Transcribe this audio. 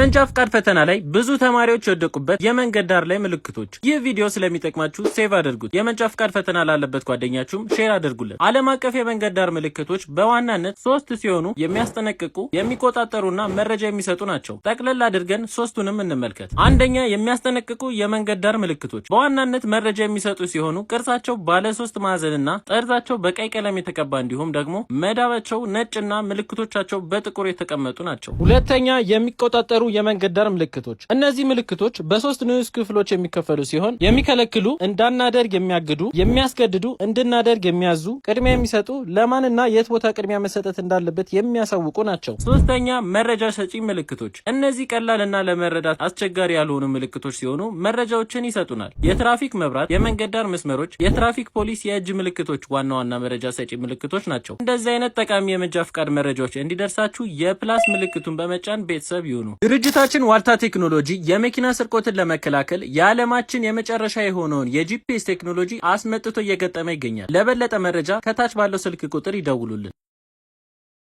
መንጃ ፍቃድ ፈተና ላይ ብዙ ተማሪዎች የወደቁበት የመንገድ ዳር ላይ ምልክቶች። ይህ ቪዲዮ ስለሚጠቅማችሁ ሴቭ አድርጉት። የመንጃ ፍቃድ ፈተና ላለበት ጓደኛችሁም ሼር አድርጉለት። ዓለም አቀፍ የመንገድ ዳር ምልክቶች በዋናነት ሶስት ሲሆኑ የሚያስጠነቅቁ፣ የሚቆጣጠሩና መረጃ የሚሰጡ ናቸው። ጠቅለል አድርገን ሶስቱንም እንመልከት። አንደኛ፣ የሚያስጠነቅቁ የመንገድ ዳር ምልክቶች በዋናነት መረጃ የሚሰጡ ሲሆኑ ቅርጻቸው ባለ ሶስት ማዕዘንና ጠርዛቸው በቀይ ቀለም የተቀባ እንዲሁም ደግሞ መዳባቸው ነጭና ምልክቶቻቸው በጥቁር የተቀመጡ ናቸው። ሁለተኛ፣ የሚቆጣጠሩ የሚቀሩ የመንገድ ዳር ምልክቶች። እነዚህ ምልክቶች በሶስት ንዑስ ክፍሎች የሚከፈሉ ሲሆን የሚከለክሉ፣ እንዳናደርግ የሚያግዱ፣ የሚያስገድዱ፣ እንድናደርግ የሚያዙ፣ ቅድሚያ የሚሰጡ፣ ለማንና የት ቦታ ቅድሚያ መሰጠት እንዳለበት የሚያሳውቁ ናቸው። ሶስተኛ መረጃ ሰጪ ምልክቶች። እነዚህ ቀላልና ለመረዳት አስቸጋሪ ያልሆኑ ምልክቶች ሲሆኑ መረጃዎችን ይሰጡናል። የትራፊክ መብራት፣ የመንገድ ዳር መስመሮች፣ የትራፊክ ፖሊስ የእጅ ምልክቶች ዋና ዋና መረጃ ሰጪ ምልክቶች ናቸው። እንደዚህ አይነት ጠቃሚ የመንጃ ፍቃድ መረጃዎች እንዲደርሳችሁ የፕላስ ምልክቱን በመጫን ቤተሰብ ይሁኑ። ድርጅታችን ዋልታ ቴክኖሎጂ የመኪና ስርቆትን ለመከላከል የዓለማችን የመጨረሻ የሆነውን የጂፒኤስ ቴክኖሎጂ አስመጥቶ እየገጠመ ይገኛል። ለበለጠ መረጃ ከታች ባለው ስልክ ቁጥር ይደውሉልን።